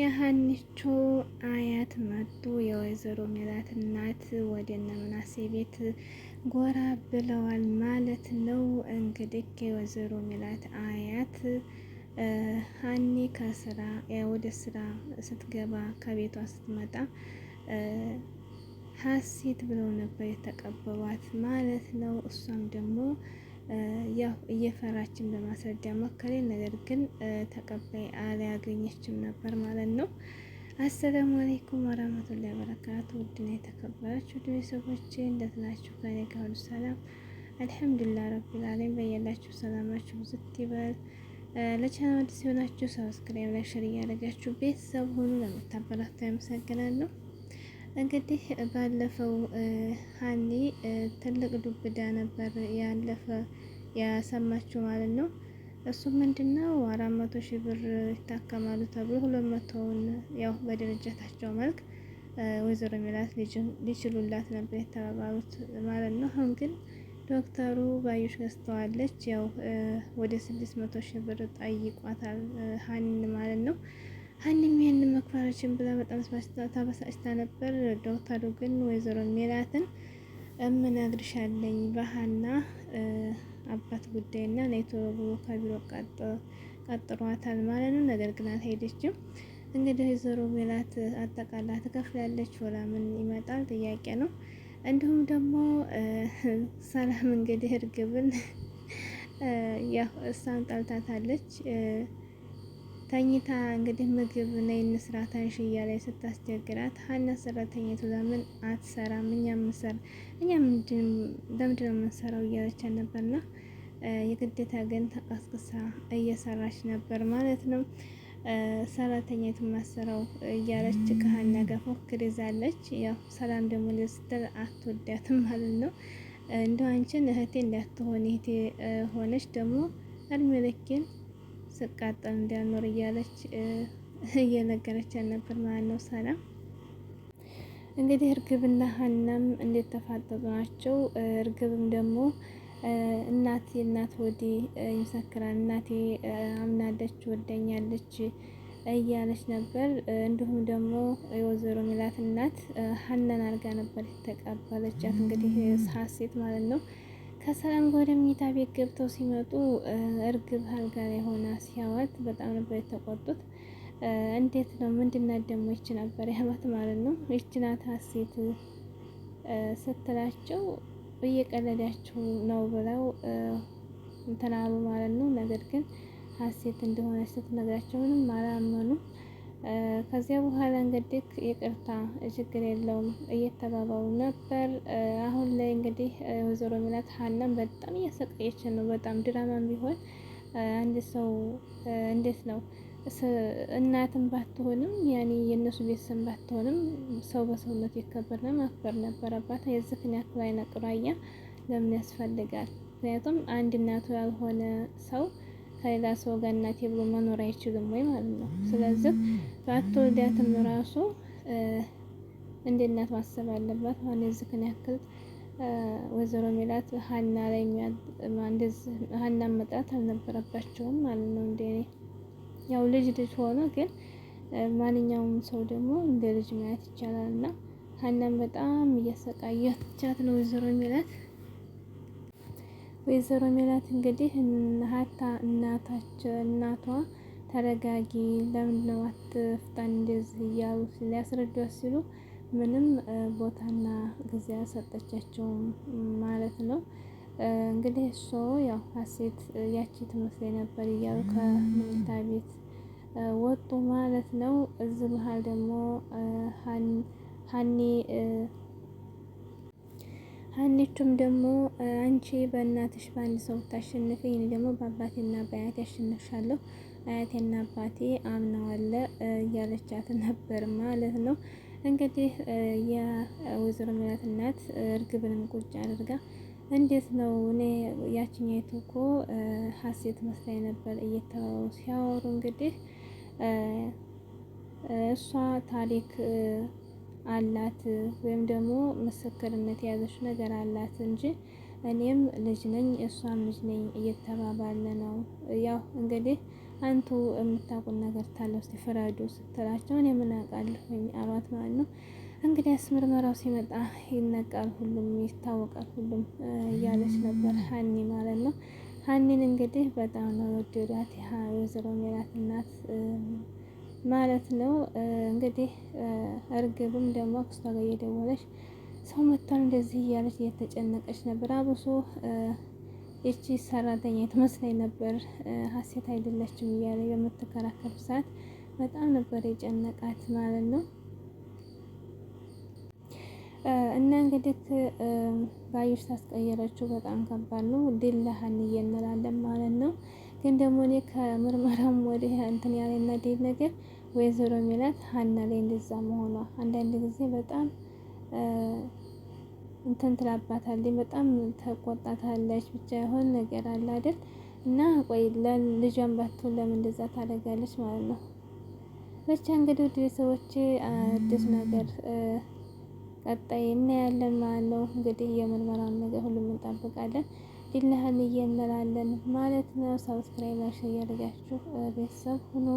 የሀኒቾ አያት መጡ። የወይዘሮ ሜላት እናት ወደ እነ ምናሴ ቤት ጎራ ብለዋል ማለት ነው። እንግዲህ የወይዘሮ ሜላት አያት ሀኒ ከስራ ወደ ስራ ስትገባ ከቤቷ ስትመጣ ሀሴት ብለው ነበር የተቀበሏት ማለት ነው። እሷም ደግሞ ያው እየፈራችን በማስረዳ ሞከሬ፣ ነገር ግን ተቀባይ አላገኘችም ነበር ማለት ነው። አሰላሙ አለይኩም ወራህመቱላሂ ወበረካቱ። ውድና የተከበራችሁ ውድ ቤተሰቦቼ እንደት ናችሁ? ከኔ ጋር ሁሉ ሰላም አልሐምዱሊላህ ረቢል ዓለሚን። በያላችሁ ሰላማችሁ ብዝት ይበል። ለቻናል አዲስ የሆናችሁ ሰብስክራይብ፣ ላይክ፣ ሼር እያደረጋችሁ ቤተሰብ ሁኑ ለምታበረታችሁ አመሰግናለሁ። እንግዲህ ባለፈው ሀኒ ትልቅ ዱብዳ ነበር ያለፈ ያሰማችው ማለት ነው። እሱ ምንድነው አራት መቶ ሺህ ብር ይታከማሉ ተብሎ ሁለት መቶውን ያው በድርጅታቸው መልክ ወይዘሮ ሚላት ሊችሉላት ነበር የተባባሉት ማለት ነው። አሁን ግን ዶክተሩ ባዩሽ ገዝተዋለች ያው ወደ ስድስት መቶ ሺህ ብር ጠይቋታል ሀኒን ማለት ነው። ሀኒም ይህንን መክፈራችን ብላ በጣም ተበሳጭታ ነበር። ዶክተሩ ግን ወይዘሮ ሜላትን እምነግርሻለኝ በሀና አባት ጉዳይና ናይቶ ብሎ ከቢሮ ቀጥሯታል ማለት ነው። ነገር ግን አልሄደችም። እንግዲህ ወይዘሮ ሜላት አጠቃላ ትከፍላለች። ወላ ምን ይመጣል ጥያቄ ነው። እንዲሁም ደግሞ ሰላም እንግዲህ እርግብን ያው እሷን ጠልታታለች። ተኝታ እንግዲህ ምግብ ነይ እንስራ ተንሽ እያለች ስታስቸግራት ሀና ሰራተኛቱ ለምን አትሰራም? እኛ ምንሰር እኛ ለምንድን ነው የምንሰራው እያለች ነበርና የግዴታ ግን ተቀስቅሳ እየሰራች ነበር ማለት ነው። ሰራተኛቱ ማሰራው እያለች ከሀና ጋር ፎክር ይዛለች። ያው ሰላም ደግሞ ስትል አትወዳትም ማለት ነው። እንደ አንቺን እህቴ እንዳትሆን እህቴ ሆነች ደግሞ እድሜ ልኬን ስቃጠል እንዲያኖር እያለች እየነገረችን ነበር ማለት ነው ሰላም። እንግዲህ እርግብና ሀናም እንዴት ተፋጠጡ ናቸው። እርግብም ደግሞ እናት የእናት ወዴ ይመሰክራል፣ እናቴ አምናለች፣ ወደኛለች እያለች ነበር። እንዲሁም ደግሞ የወይዘሮ ሚላት እናት ሀናን አድርጋ ነበር የተቀበለቻት እንግዲህ ሀሴት ማለት ነው። ከሰላም ወደ መኝታ ቤት ገብተው ሲመጡ እርግብ አልጋ ላይ ሆና ሲያዋት በጣም ነበር የተቆጡት። እንዴት ነው ምንድናት ደግሞ ይች ነበር ያሏት ማለት ነው። ይች ናት ሀሴት ስትላቸው እየቀለዳችሁ ነው ብለው እንትን አሉ ማለት ነው። ነገር ግን ሀሴት እንደሆነ ስትነግራቸው ምንም አላመኑም። ከዚያ በኋላ እንግዲህ ይቅርታ ችግር የለውም እየተባባሉ ነበር። አሁን ላይ እንግዲህ ወይዘሮ ሚላት ሀናም በጣም እያሰቃየችን ነው። በጣም ድራማም ቢሆን አንድ ሰው እንዴት ነው እናትም ባትሆንም ያኔ የእነሱ ቤተሰብ ባትሆንም ሰው በሰውነቱ ይከበርና ማክበር ነበረባት። የዝክን ያክል አይነ ቁራያ ለምን ያስፈልጋል? ምክንያቱም አንድ እናቱ ያልሆነ ሰው ከሌላ ሰው ጋር እናቴ ብሎ መኖር አይችልም ወይ ማለት ነው። ስለዚህ በአትወልዳትም ራሱ እንደ እናት ማሰብ አለባት። አሁን የዚህን ያክል ወይዘሮ ሜላት ሀና ላይ እንደዚህ ሀናን መጥራት አልነበረባቸውም ማለት ነው። እንደ እኔ ያው ልጅ ልጅ ሆኖ ግን ማንኛውም ሰው ደግሞ እንደ ልጅ ማየት ይቻላል እና ሀናን በጣም እያሰቃየቻት ነው ወይዘሮ ሜላት ወይዘሮ ሜላት እንግዲህ ሀታ እናታቸው እናቷ ተረጋጊ፣ ለምን ነው አትፍጠን እንደዚህ እያሉ ሊያስረዷት ሲሉ ምንም ቦታና ጊዜ አልሰጠቻቸውም ማለት ነው። እንግዲህ እሱ ያው ሀሴት ያቺ ትመስል ነበር እያሉ ከመኝታ ቤት ወጡ ማለት ነው። እዚህ መሀል ደግሞ ሀኒ ሀኒቹም ደግሞ አንቺ በእናትሽ በአንድ ሰው ታሸንፊ፣ እኔ ደግሞ በአባቴና በአያቴ አሸንፍሻለሁ፣ አያቴና አባቴ አምነዋለ እያለቻት ነበር ማለት ነው። እንግዲህ የወይዘሮ ሜላት እናት እርግብንም ቁጭ አድርጋ እንዴት ነው እኔ ያችኛይቱ እኮ ሀሴት መስላኝ ነበር እየተባባሉ ሲያወሩ እንግዲህ እሷ ታሪክ አላት ወይም ደግሞ ምስክርነት የያዘች ነገር አላት እንጂ እኔም ልጅ ነኝ እሷም ልጅ ነኝ እየተባባለ ነው። ያው እንግዲህ አንቱ የምታውቁን ነገር ታለው እስቲ ፍረዱ ስትላቸው እኔ ምን አውቃለሁኝ አሏት ማለት ነው። እንግዲያስ ምርመራው ሲመጣ ይነቃል፣ ሁሉም ይታወቃል፣ ሁሉም እያለች ነበር ሀኒ ማለት ነው። ሀኒን እንግዲህ በጣም ነው የወደዷት የወይዘሮ ሜላት እናት ማለት ነው። እንግዲህ እርግብም ደግሞ አክስቷ ጋር እየደወለች ሰው መቷል እንደዚህ እያለች እየተጨነቀች ነበር። አብሶ ይቺ ሰራተኛ የትመስለኝ ነበር ሀሴት አይደለችም እያለ በምትከራከር ሰዓት በጣም ነበር የጨነቃት ማለት ነው። እና እንግዲህ ባዩሽ ታስቀየረችው በጣም ከባድ ነው። ድል ለሀንዬ እንላለን ማለት ነው። ግን ደግሞ እኔ ከምርመራም ወደ እንትን ያለና እናደድ ነገር ወይዘሮ ሚላት ሀና ላይ እንደዛ መሆኗ አንዳንድ ጊዜ በጣም እንትን ትላባታለች፣ በጣም ተቆጣታለች። ብቻ የሆን ነገር አለ አይደል? እና ቆይ ልጇን ባትሆን ለምን እንደዛ ታደርጋለች ማለት ነው። ብቻ እንግዲህ ውድ ቤተሰቦች አዲስ ነገር ቀጣይ እናያለን ማለት ነው። እንግዲህ የምርመራውን ነገር ሁሉም እንጠብቃለን። ኢላህን እየንላለን ማለት ነው። ሰብስክራይብ አድርጋችሁ ቤተሰብ ሁኑ።